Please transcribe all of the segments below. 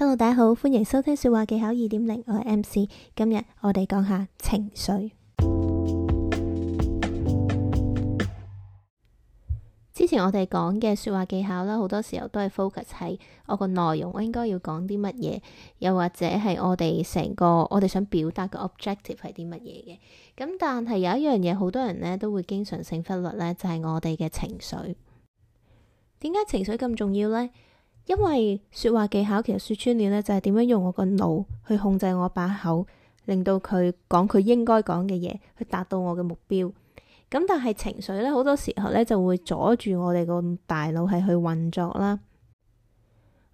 hello，大家好，歡迎收聽說話技巧二點零，我係 MC，今日我哋講下情緒。之前我哋講嘅說話技巧啦，好多時候都係 focus 喺我個內容，我應該要講啲乜嘢，又或者係我哋成個我哋想表達嘅 objective 係啲乜嘢嘅。咁但係有一樣嘢，好多人呢都會經常性忽略呢，就係我哋嘅情緒。點解情緒咁重要呢？因為說話技巧其實說穿了咧，就係點樣用我個腦去控制我把口，令到佢講佢應該講嘅嘢，去達到我嘅目標。咁但係情緒咧，好多時候咧就會阻住我哋個大腦係去運作啦。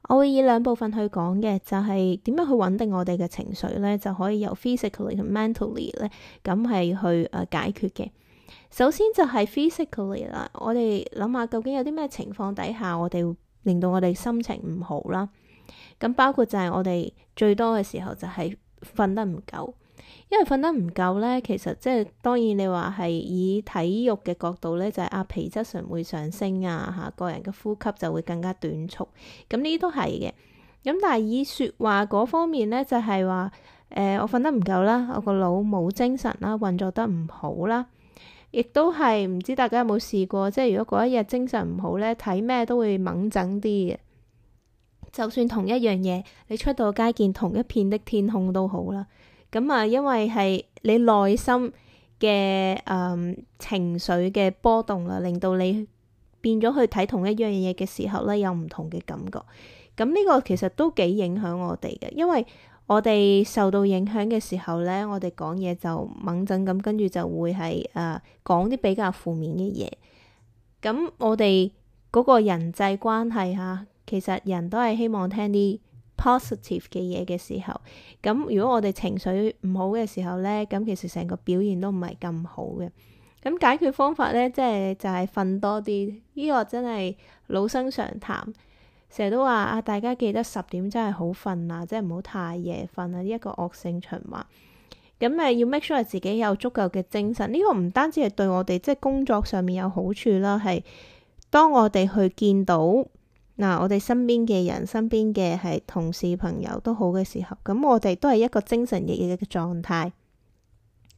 我會以兩部分去講嘅，就係點樣去穩定我哋嘅情緒咧，就可以由 physically 同 mentally 咧咁係去誒解決嘅。首先就係 physically 啦，我哋諗下究竟有啲咩情況底下我哋會。令到我哋心情唔好啦，咁包括就係我哋最多嘅時候就係瞓得唔夠，因為瞓得唔夠咧，其實即係當然你話係以體育嘅角度咧，就係阿皮質醇會上升啊，嚇個人嘅呼吸就會更加短促，咁呢啲都係嘅。咁但係以説話嗰方面咧，就係話誒我瞓得唔夠啦，我個腦冇精神啦，運作得唔好啦。亦都係唔知大家有冇試過，即係如果嗰一日精神唔好咧，睇咩都會矇憎啲嘅。就算同一樣嘢，你出到街見同一片的天空都好啦。咁啊，因為係你內心嘅誒、嗯、情緒嘅波動啦，令到你變咗去睇同一樣嘢嘅時候咧，有唔同嘅感覺。咁呢個其實都幾影響我哋嘅，因為。我哋受到影響嘅時候咧，我哋講嘢就猛震咁，跟住就會係誒講啲比較負面嘅嘢。咁我哋嗰個人際關係啊，其實人都係希望聽啲 positive 嘅嘢嘅時候。咁如果我哋情緒唔好嘅時候咧，咁其實成個表現都唔係咁好嘅。咁解決方法咧，即係就係瞓多啲。呢個真係老生常談。成日都話啊，大家記得十點真係好瞓啦、啊，即係唔好太夜瞓啊！呢、這、一個惡性循環，咁誒要 make sure 自己有足夠嘅精神。呢、這個唔單止係對我哋即係工作上面有好處啦，係當我哋去見到嗱、啊、我哋身邊嘅人、身邊嘅係同事朋友都好嘅時候，咁我哋都係一個精神奕奕嘅狀態，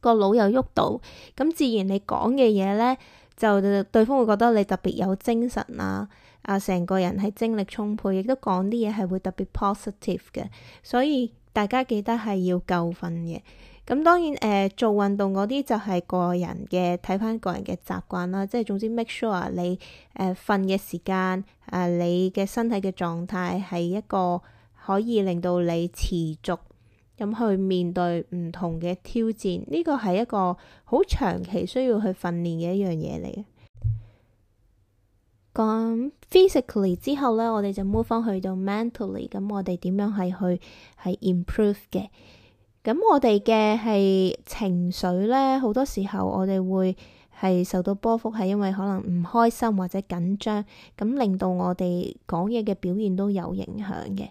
個腦又喐到，咁自然你講嘅嘢呢，就對方會覺得你特別有精神啊！啊，成個人係精力充沛，亦都講啲嘢係會特別 positive 嘅，所以大家記得係要夠瞓嘅。咁當然誒、呃，做運動嗰啲就係個人嘅，睇返個人嘅習慣啦。即係總之 make sure 你誒瞓嘅時間，誒、呃、你嘅身體嘅狀態係一個可以令到你持續咁去面對唔同嘅挑戰。呢、這個係一個好長期需要去訓練嘅一樣嘢嚟嘅。咁 physically 之後呢，我哋就 move 翻去到 mentally，咁我哋點樣係去係 improve 嘅？咁我哋嘅係情緒呢，好多時候我哋會係受到波幅，係因為可能唔開心或者緊張，咁令到我哋講嘢嘅表現都有影響嘅。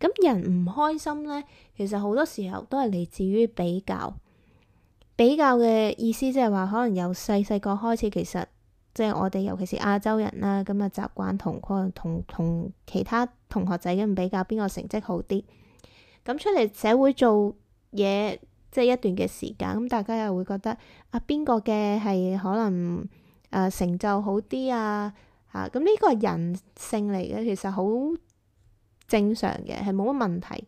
咁人唔開心呢，其實好多時候都係嚟自於比較。比較嘅意思即係話，可能由細細個開始，其實。即係我哋，尤其是亞洲人啦，咁、嗯、啊習慣同個同同其他同學仔咁比較，邊個成績好啲？咁、嗯、出嚟社會做嘢，即係一段嘅時間，咁、嗯、大家又會覺得啊，邊個嘅係可能誒、呃、成就好啲啊？嚇咁呢個係人性嚟嘅，其實好正常嘅，係冇乜問題。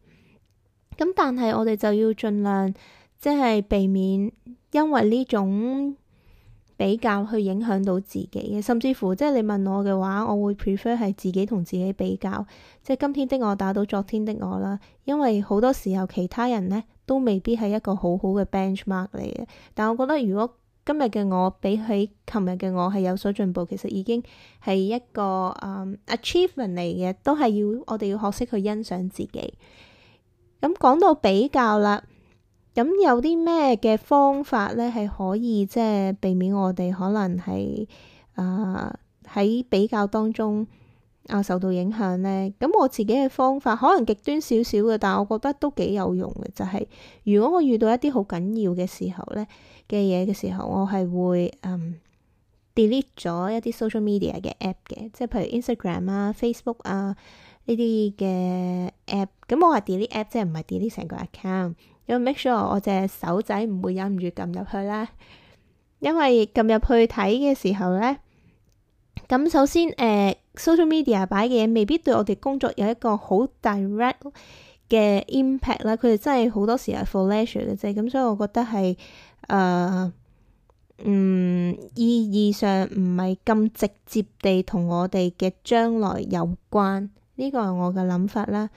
咁、嗯、但係我哋就要盡量即係避免，因為呢種。比較去影響到自己嘅，甚至乎即係你問我嘅話，我會 prefer 係自己同自己比較，即係今天的我打到昨天的我啦。因為好多時候其他人呢都未必係一個好好嘅 benchmark 嚟嘅。但我覺得如果今日嘅我比起琴日嘅我係有所進步，其實已經係一個誒、um, achievement 嚟嘅，都係要我哋要學識去欣賞自己。咁講到比較啦。咁有啲咩嘅方法咧，係可以即係避免我哋可能係啊喺比較當中啊受到影響咧？咁我自己嘅方法可能極端少少嘅，但係我覺得都幾有用嘅，就係、是、如果我遇到一啲好緊要嘅時候咧嘅嘢嘅時候，我係會嗯 delete 咗一啲 social media 嘅 app 嘅，即係譬如 Instagram 啊、Facebook 啊。呢啲嘅 app，咁我話 delete app 即係唔係 delete 成個 account，要 make sure 我隻手仔唔會忍唔住撳入去啦。因為撳入去睇嘅時候咧，咁首先誒 social media 擺嘅嘢未必對我哋工作有一個好 direct 嘅 impact 啦。佢哋真係好多時係 for leisure 嘅啫，咁所以我覺得係誒、呃、嗯意義上唔係咁直接地同我哋嘅將來有關。呢個係我嘅諗法啦，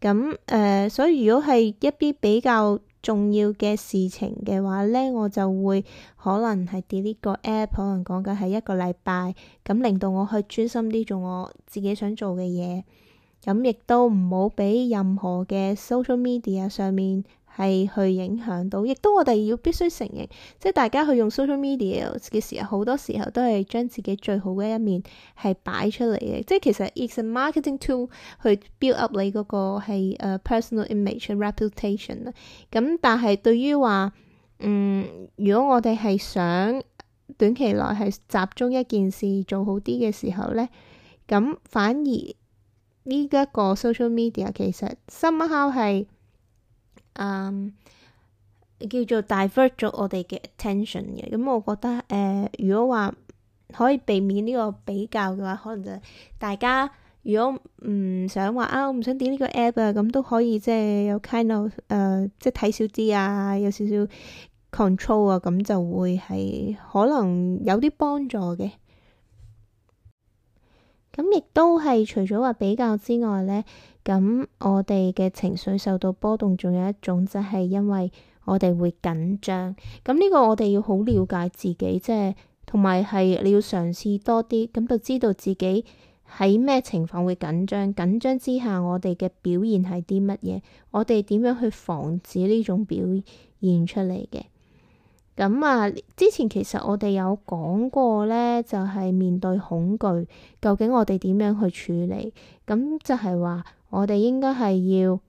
咁誒、呃，所以如果係一啲比較重要嘅事情嘅話咧，我就會可能係 delete 個 app，可能講緊係一個禮拜，咁令到我去專心啲做我自己想做嘅嘢，咁亦都唔好俾任何嘅 social media 上面。係去影響到，亦都我哋要必須承認，即係大家去用 social media 嘅時候，好多時候都係將自己最好嘅一面係擺出嚟嘅。即係其實 it's a marketing tool 去 build up 你嗰個係 personal image reputation 啦。咁但係對於話，嗯，如果我哋係想短期內係集中一件事做好啲嘅時候咧，咁反而呢一個 social media 其實 somehow 係 Um, 叫做 divert 咗我哋嘅 attention 嘅、嗯，咁我覺得誒、呃，如果話可以避免呢個比較嘅話，可能就大家如果唔想話啊，我唔想點呢個 app 啊、嗯，咁都可以即係有 kind of 誒、呃，即係睇少啲啊，有少少 control 啊，咁、嗯嗯、就會係可能有啲幫助嘅。咁亦都係除咗話比較之外呢。咁我哋嘅情緒受到波動，仲有一種即係、就是、因為我哋會緊張。咁呢個我哋要好了解自己，即係同埋係你要嘗試多啲，咁就知道自己喺咩情況會緊張。緊張之下我，我哋嘅表現係啲乜嘢？我哋點樣去防止呢種表現出嚟嘅？咁啊，之前其實我哋有講過咧，就係、是、面對恐懼，究竟我哋點樣去處理？咁就係話。我哋應該係要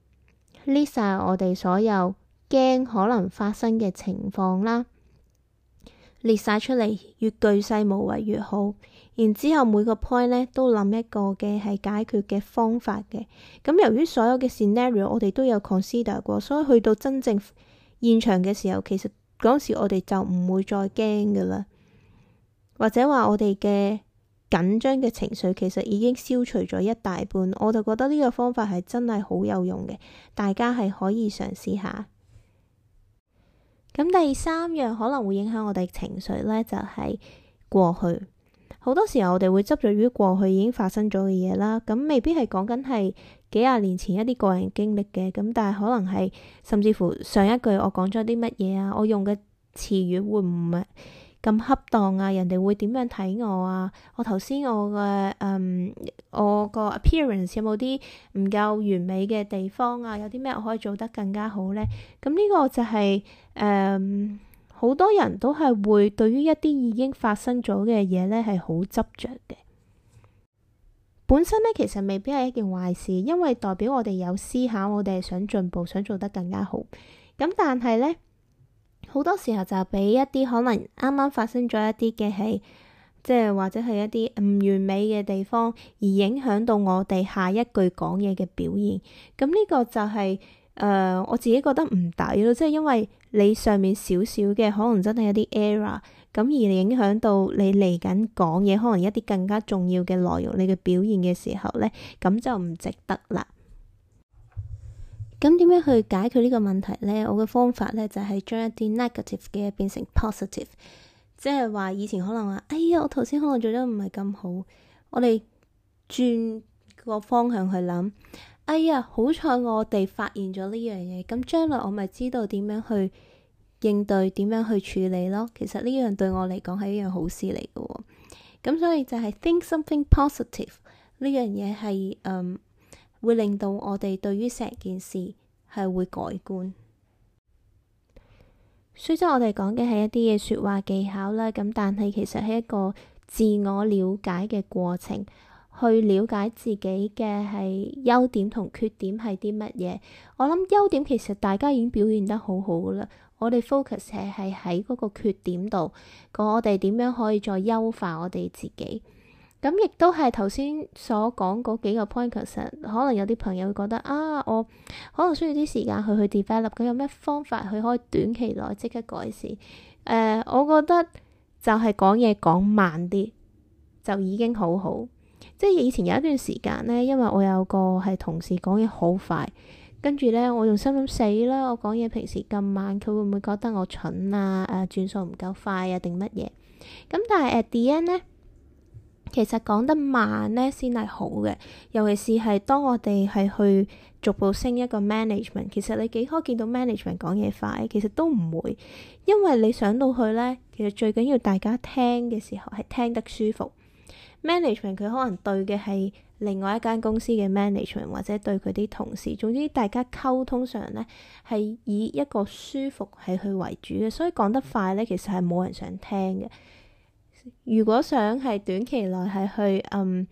列晒我哋所有驚可能發生嘅情況啦，列晒出嚟，越巨細無遺越好。然之後每個 point 咧都諗一個嘅係解決嘅方法嘅。咁、嗯、由於所有嘅 scenario 我哋都有 consider 過，所以去到真正現場嘅時候，其實嗰時我哋就唔會再驚噶啦，或者話我哋嘅。緊張嘅情緒其實已經消除咗一大半，我就覺得呢個方法係真係好有用嘅，大家係可以嘗試下。咁第三樣可能會影響我哋情緒呢，就係過去。好多時候我哋會執着於過去已經發生咗嘅嘢啦，咁未必係講緊係幾廿年前一啲個人經歷嘅，咁但係可能係甚至乎上一句我講咗啲乜嘢啊，我用嘅詞語會唔會？咁恰當啊？人哋會點樣睇我啊？我頭先，我嘅嗯，我個 appearance 有冇啲唔夠完美嘅地方啊？有啲咩可以做得更加好呢？咁呢個就係誒，好多人都係會對於一啲已經發生咗嘅嘢呢，係好執着嘅。本身呢，其實未必係一件壞事，因為代表我哋有思考，我哋係想進步，想做得更加好。咁但係呢。好多時候就俾一啲可能啱啱發生咗一啲嘅係，即係或者係一啲唔完美嘅地方，而影響到我哋下一句講嘢嘅表現。咁呢個就係、是、誒、呃，我自己覺得唔抵咯，即係因為你上面少少嘅可能真係有啲 error，咁而影響到你嚟緊講嘢，可能一啲更加重要嘅內容，你嘅表現嘅時候咧，咁就唔值得啦。咁點樣去解決呢個問題咧？我嘅方法咧就係將一啲 negative 嘅變成 positive，即係話以前可能話，哎呀，我頭先可能做得唔係咁好，我哋轉個方向去諗，哎呀，好彩我哋發現咗呢樣嘢，咁將來我咪知道點樣去應對，點樣去處理咯。其實呢樣對我嚟講係一樣好事嚟嘅，咁所以就係 think something positive 呢樣嘢係嗯。會令到我哋對於成件事係會改觀。雖則我哋講嘅係一啲嘅說話技巧啦，咁但係其實係一個自我了解嘅過程，去了解自己嘅係優點同缺點係啲乜嘢。我諗優點其實大家已經表現得好好噶啦，我哋 focus 係係喺嗰個缺點度，講我哋點樣可以再優化我哋自己。咁亦都係頭先所講嗰幾個 point，concern, 可能有啲朋友會覺得啊，我可能需要啲時間去去 develop。佢有咩方法去可以短期內即刻改善？誒、呃，我覺得就係講嘢講慢啲就已經好好。即係以前有一段時間咧，因為我有個係同事講嘢好快，跟住咧我用心諗死啦，我講嘢平時咁慢，佢會唔會覺得我蠢啊？誒、啊，轉數唔夠快啊定乜嘢？咁但係 at the end 咧。其實講得慢呢先係好嘅，尤其是係當我哋係去逐步升一個 management。其實你幾可見到 management 講嘢快，其實都唔會，因為你上到去呢，其實最緊要大家聽嘅時候係聽得舒服。Management 佢可能對嘅係另外一間公司嘅 management，或者對佢啲同事。總之大家溝通上呢係以一個舒服係去為主嘅，所以講得快呢其實係冇人想聽嘅。如果想係短期內係去嗯，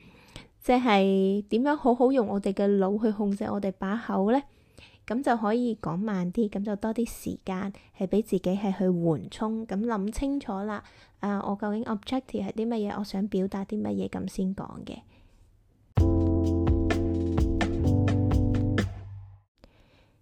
即係點樣好好用我哋嘅腦去控制我哋把口呢？咁就可以講慢啲，咁就多啲時間係俾自己係去緩衝，咁諗清楚啦。啊，我究竟 objective 係啲乜嘢？我想表達啲乜嘢咁先講嘅。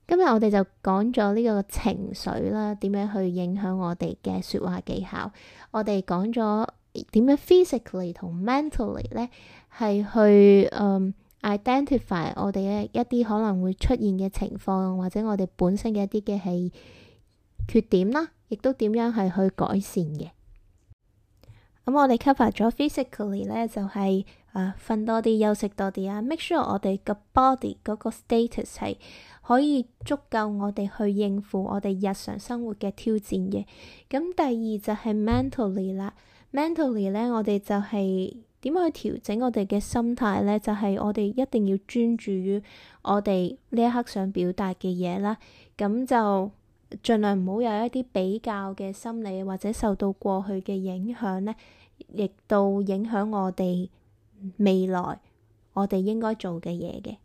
今日我哋就講咗呢個情緒啦，點樣去影響我哋嘅說話技巧。我哋講咗。點樣 physically 同 mentally 咧，係去嗯、um, identify 我哋一一啲可能會出現嘅情況，或者我哋本身嘅一啲嘅係缺點啦，亦都點樣係去改善嘅。咁、嗯、我哋 cover 咗 physically 咧，就係誒瞓多啲，休息多啲啊，make sure 我哋個 body 嗰個 status 係可以足夠我哋去應付我哋日常生活嘅挑戰嘅。咁第二就係 mentally 啦。mentally 咧，Ment ally, 我哋就係點去調整我哋嘅心態咧？就係我哋一定要專注於我哋呢一刻想表達嘅嘢啦。咁就盡量唔好有一啲比較嘅心理，或者受到過去嘅影響咧，亦都影響我哋未來我哋應該做嘅嘢嘅。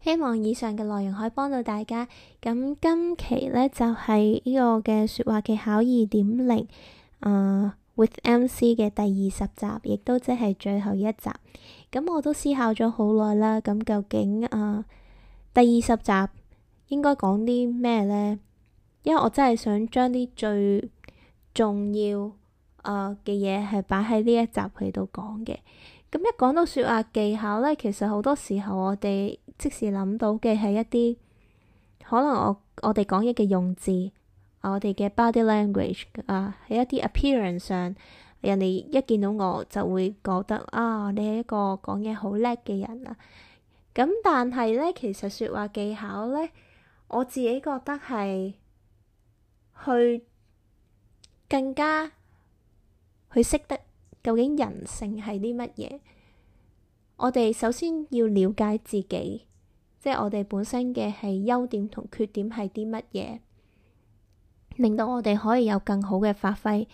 希望以上嘅內容可以幫到大家。咁今期咧就係呢個嘅説話技巧二點零啊。With MC 嘅第二十集，亦都即係最後一集。咁我都思考咗好耐啦。咁究竟啊，呃，第二十集應該講啲咩呢？因為我真係想將啲最重要嘅嘢係擺喺呢一集去度講嘅。咁一講到說話技巧呢，其實好多時候我哋即時諗到嘅係一啲可能我我哋講嘢嘅用字。啊、我哋嘅 body language 啊，喺一啲 appearance 上，人哋一見到我就會覺得啊，你係一個講嘢好叻嘅人啊。咁但係咧，其實説話技巧咧，我自己覺得係去更加去識得究竟人性係啲乜嘢。我哋首先要了解自己，即係我哋本身嘅係優點同缺點係啲乜嘢。令到我哋可以有更好嘅發揮，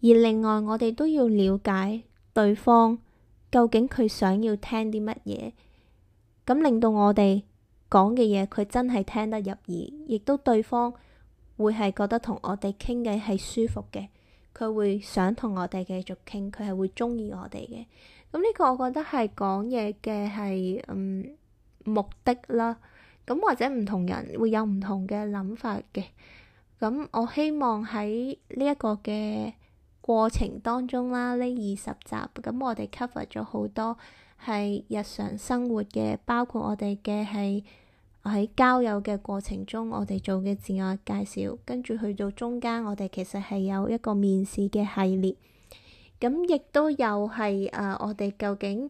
而另外我哋都要了解對方，究竟佢想要聽啲乜嘢，咁令到我哋講嘅嘢佢真係聽得入耳，亦都對方會係覺得同我哋傾偈係舒服嘅，佢會想同我哋繼續傾，佢係會中意我哋嘅。咁呢個我覺得係講嘢嘅係嗯目的啦。咁或者唔同人會有唔同嘅諗法嘅。咁我希望喺呢一個嘅過程當中啦，呢二十集咁我哋 cover 咗好多係日常生活嘅，包括我哋嘅係喺交友嘅過程中，我哋做嘅自我介紹，跟住去到中間，我哋其實係有一個面試嘅系列，咁亦都有係誒、呃，我哋究竟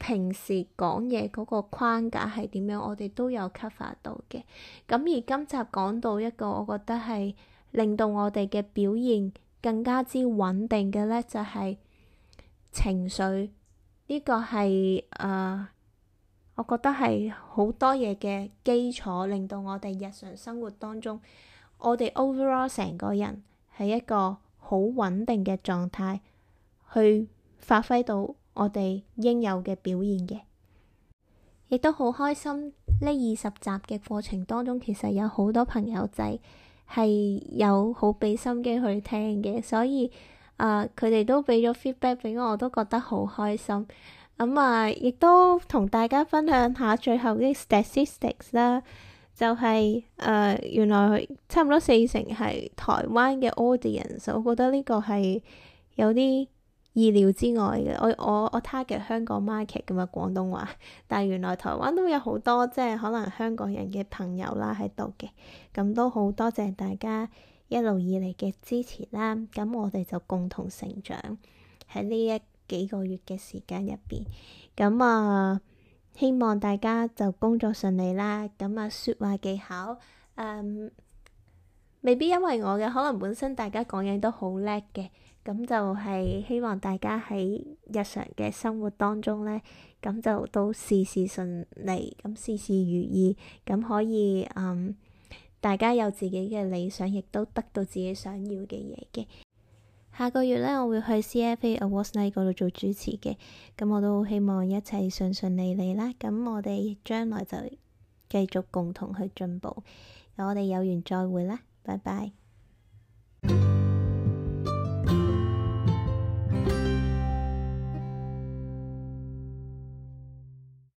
平時講嘢嗰個框架係點樣，我哋都有 cover 到嘅。咁而今集講到一個，我覺得係令到我哋嘅表現更加之穩定嘅呢，就係情緒。呢個係誒、呃，我覺得係好多嘢嘅基礎，令到我哋日常生活當中，我哋 overall 成個人係一個好穩定嘅狀態去發揮到。我哋應有嘅表現嘅，亦都好開心。呢二十集嘅課程當中，其實有好多朋友仔係有好俾心機去聽嘅，所以啊，佢、呃、哋都俾咗 feedback 俾我，我都覺得好開心。咁、嗯、啊，亦、呃、都同大家分享下最後啲 statistics 啦，就係、是、誒、呃，原來差唔多四成係台灣嘅 audience，我覺得呢個係有啲意料之外嘅，我我我 target 香港 market 咁啊，廣東話，但係原來台灣都有好多，即係可能香港人嘅朋友啦喺度嘅，咁都好多謝大家一路以嚟嘅支持啦。咁我哋就共同成長喺呢一幾個月嘅時間入邊。咁啊，希望大家就工作順利啦。咁啊，説話技巧誒、嗯，未必因為我嘅，可能本身大家講嘢都好叻嘅。咁就係希望大家喺日常嘅生活當中呢，咁就都事事順利，咁事事如意，咁可以，嗯，大家有自己嘅理想，亦都得到自己想要嘅嘢嘅。下個月呢，我會去 CFA Awards Night 嗰度做主持嘅，咁我都好希望一切順順利利啦。咁我哋將來就繼續共同去進步，我哋有緣再會啦，拜拜。